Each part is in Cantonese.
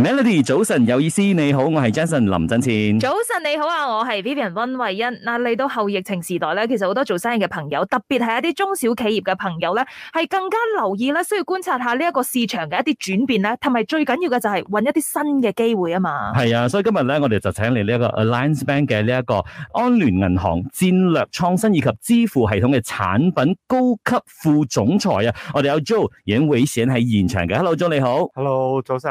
Melody，早晨有意思，你好，我係 Jason 林振千。早晨你好啊，我係 Vivian 溫慧欣。嗱，嚟到後疫情時代咧，其實好多做生意嘅朋友，特別係一啲中小企業嘅朋友咧，係更加留意咧，需要觀察下呢一個市場嘅一啲轉變咧，同埋最緊要嘅就係揾一啲新嘅機會啊嘛。係啊，所以今日咧，我哋就請嚟呢一個 Alliance Bank 嘅呢一個安聯銀行戰略創新以及支付系統嘅產品高級副總裁啊，我哋有 Joe Weishan 喺現場嘅。Hello，Joe 你好。Hello，早晨。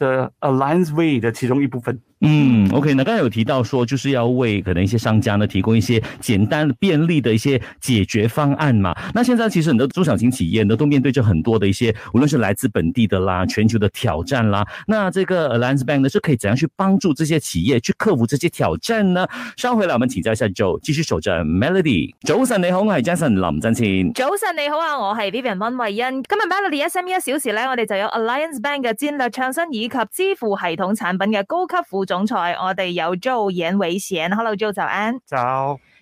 的 Alliance Way 的其中一部分。嗯，OK，那剛才有提到說，就是要為可能一些商家呢提供一些簡單、便利的一些解決方案嘛。那現在其實很多中小型企業呢都面對着很多的一些，無論是來自本地的啦、全球的挑戰啦。那這個 Alliance Bank 呢，是可以怎樣去幫助這些企業去克服這些挑戰呢？稍後回來我們請教一下，就繼續守着 Melody。早晨你好，我係 Jason 林振清。早晨你好啊，我係 Vivian 溫慧欣。今日 Melody SME 一小時呢，我哋就有 Alliance Bank 嘅戰略創新以。及支付系統產品嘅高級副總裁，我哋有 Joe 言偉賢，Hello Joe 早安。早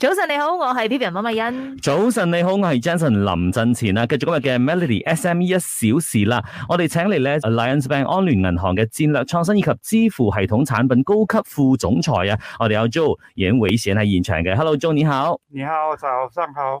早晨你好，我係 Vivian 馬美欣。早晨你好，我係 Johnson 林振前啊，繼續今日嘅 Melody SME 一小時啦。我哋請嚟咧，Alliance Bank 安聯銀行嘅戰略創新以及支付系統產品高級副總裁啊，我哋有 Joe，已演會線喺現場嘅。Hello Joe，你好。你好，早上好。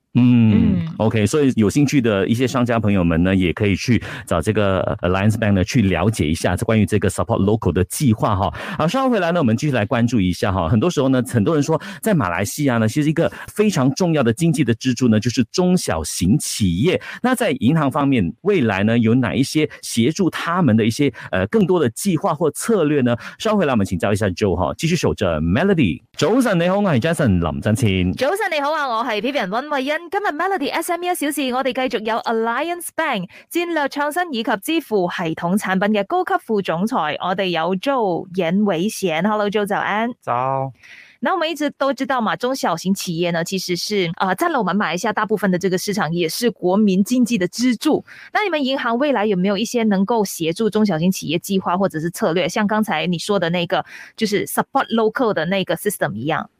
嗯,嗯，OK，所以有興趣的一些商家朋友們呢，也可以去找這個 Alliance Bank 呢去了解一下，關於這個 Support Local 的計劃哈。好，啊，稍後回來呢，我們繼續來關注一下哈。很多時候呢，很多人說在馬來西亞呢，其實一個非常重要的經濟的支柱呢，就是中小型企業。那在銀行方面，未來呢，有哪一些協助他們的一些，呃，更多的計劃或策略呢？稍後回來，我們請教一下 Joe 哈，繼續守着 Melody。早晨你好，我係 Jason 林振清。早晨你好啊，我係 P P 人温慧欣。今日 Melody SME 一小時，我哋繼續有 Alliance Bank 戰略創新以及支付系統產品嘅高級副總裁，我哋有 Jo 顏偉賢，Hello Jo，早安。早。嗱，我們一直都知道嘛，中小型企業呢，其實是啊，佔、呃、了我們馬來西亞大部分的這個市場，也是國民經濟的支柱。那你們銀行未來有沒有一些能夠協助中小型企業計劃或者是策略，像剛才你說的那個，就是 Support Local 的那個 system 一樣？